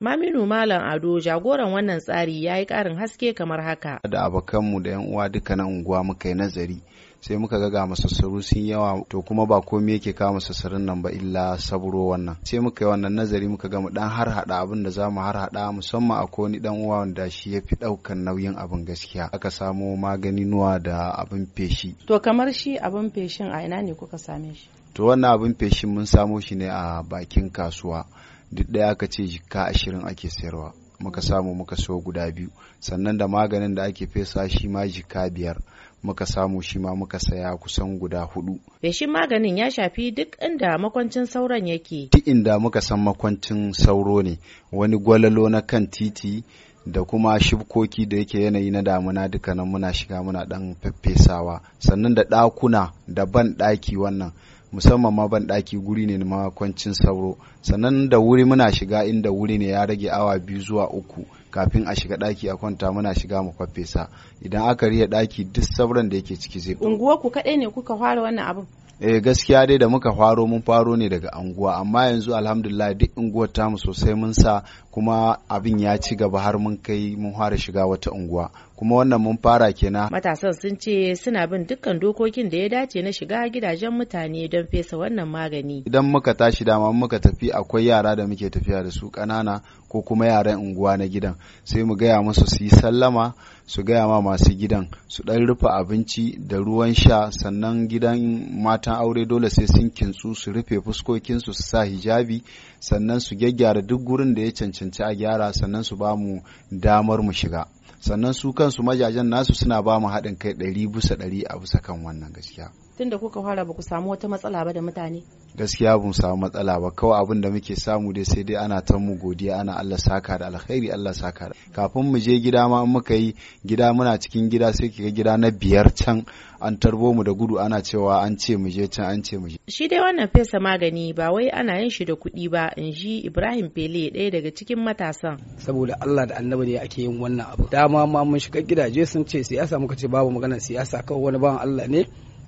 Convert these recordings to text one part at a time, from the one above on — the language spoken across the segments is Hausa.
Maminu Malam Ado jagoran wannan tsari ya yi ƙarin haske kamar haka. Da abokanmu da 'yan uwa duka na unguwa muka yi nazari sai muka ga ga masassaru sun yawa to kuma ba komai yake kawo masassarin nan ba illa saburo wannan sai muka yi wannan nazari muka ga mu dan har hada abin da mu har hada musamman akwai wani dan uwa wanda shi ya fi daukan nauyin abin gaskiya aka samo magani nuwa da abin feshi. To kamar shi abin feshin a ina ne kuka same shi? To wannan abin feshin mun samo shi ne a bakin kasuwa. duk ɗaya aka ce jika ashirin ake sayarwa muka samu muka so guda biyu sannan da maganin da ake fesa shi ma jika biyar muka samu shi ma muka saya kusan guda hudu. Feshin maganin ya shafi duk inda makwancin sauran yake. Duk inda muka san makwancin sauro ne wani gwalalo na kan titi da kuma shibkoki da yake yanayi na damuna dukkanin muna shiga muna dan feffesawa sannan da ɗakuna da ban ɗaki wannan musamman ma ban daki guri ne na kwancin sauro sannan da wuri muna shiga inda wuri ne ya rage awa biyu zuwa uku kafin a shiga ɗaki a kwanta muna shiga mu kwafesa idan aka riya ɗaki duk sauran da yake ciki zai unguwa ku kaɗai ne kuka fara wannan abin eh gaskiya dai da muka faro mun faro ne daga anguwa amma yanzu alhamdulillah duk unguwar tamu sosai mun sa kuma abin ya ci gaba har mun kai mun fara shiga wata unguwa kuma wannan mun fara kenan matasan sun ce suna bin dukkan dokokin da ya dace na shiga gidajen mutane don fesa wannan magani idan muka tashi dama muka tafi akwai yara da muke tafiya da su ƙanana ko kuma yaran unguwa na gidan sai mu gaya musu su yi sallama su gaya ma masu gidan su ɗan rufe abinci da ruwan sha sannan gidan matan aure dole sai sun kintsu su rufe fuskokinsu su sa hijabi sannan su gyaggyara duk gurin da ya cancanci a gyara sannan su ba mu damar mu shiga sannan su kansu majajen nasu suna ba mu haɗin kai ɗari bisa ɗari a bisa kan wannan gaskiya tunda kuka fara ba ku samu wata matsala ba da mutane gaskiya bun samu matsala ba kawai abin da muke samu dai sai dai ana ta mu godiya ana Allah saka da alkhairi Allah saka da kafin mu je gida ma in muka yi gida muna cikin gida sai kiga gida na biyar can an tarbo mu da gudu ana cewa an ce mu je can an ce mu je shi dai wannan fesa magani ba wai ana yin shi da kuɗi ba in ji Ibrahim Pele ɗaya daga cikin matasan saboda Allah da annabi ne ake yin wannan abu dama ma mun shiga gidaje sun ce siyasa muka ce babu maganar siyasa kawai wani bawan Allah ne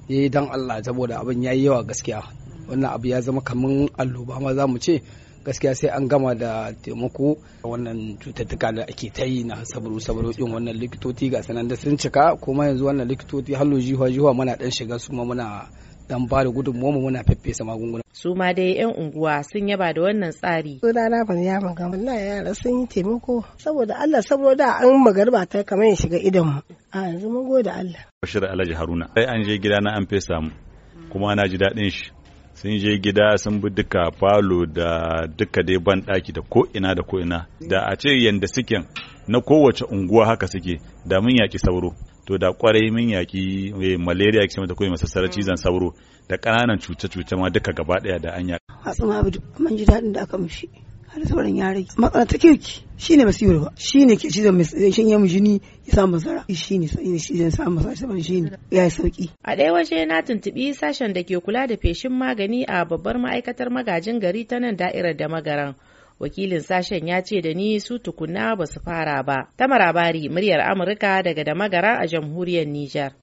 ya eh, yi don Allah saboda abin ya yi yawa gaskiya wannan abu ya zama kamar alloba ma za mu ce gaskiya sai an gama da taimako wannan cututtuka da ake ta yi na sabaru sabaru yin wannan likitoci ga sanan da sun cika kuma yanzu wannan likitoci hallo jiwa jiwa muna dan shiga su ma muna dan ba da gudunmuwa mu muna feffesa magunguna. Su ma dai 'yan unguwa sun yaba da wannan tsari. na ban ya maga gama na yara sun yi taimako saboda Allah saboda an magarba ta kamar ya shiga idan a yanzu mun gode Allah Bashir Alhaji Haruna sai an je gida na an fesa mu kuma na ji daɗin shi sun je gida sun bi duka falo da duka dai ban ɗaki da ko ina da ko ina da a ce yanda suke na kowace unguwa haka suke da mun yaƙi sauro to da kwarai mun yaki eh, malaria kishin da kuma masassarar cizon sauro da ƙananan cuce-cuce ma duka gaba ɗaya da anya. Hassan Abdu, mun ji daɗin da aka mushi. har sauran ya rage matsala ta kirki masu yiwuwa ba ne ke cizon mai shanye mu jini ya samu masara ne shi cizon samu masara saboda ne ya yi sauki a ɗaya waje na tuntubi sashen da ke kula da feshin magani a babbar ma'aikatar magajin gari ta nan da'irar da magaran wakilin sashen ya ce da ni su tukuna ba su fara ba. Tamara Bari, muryar Amurka daga da magara a jamhuriyar Nijar.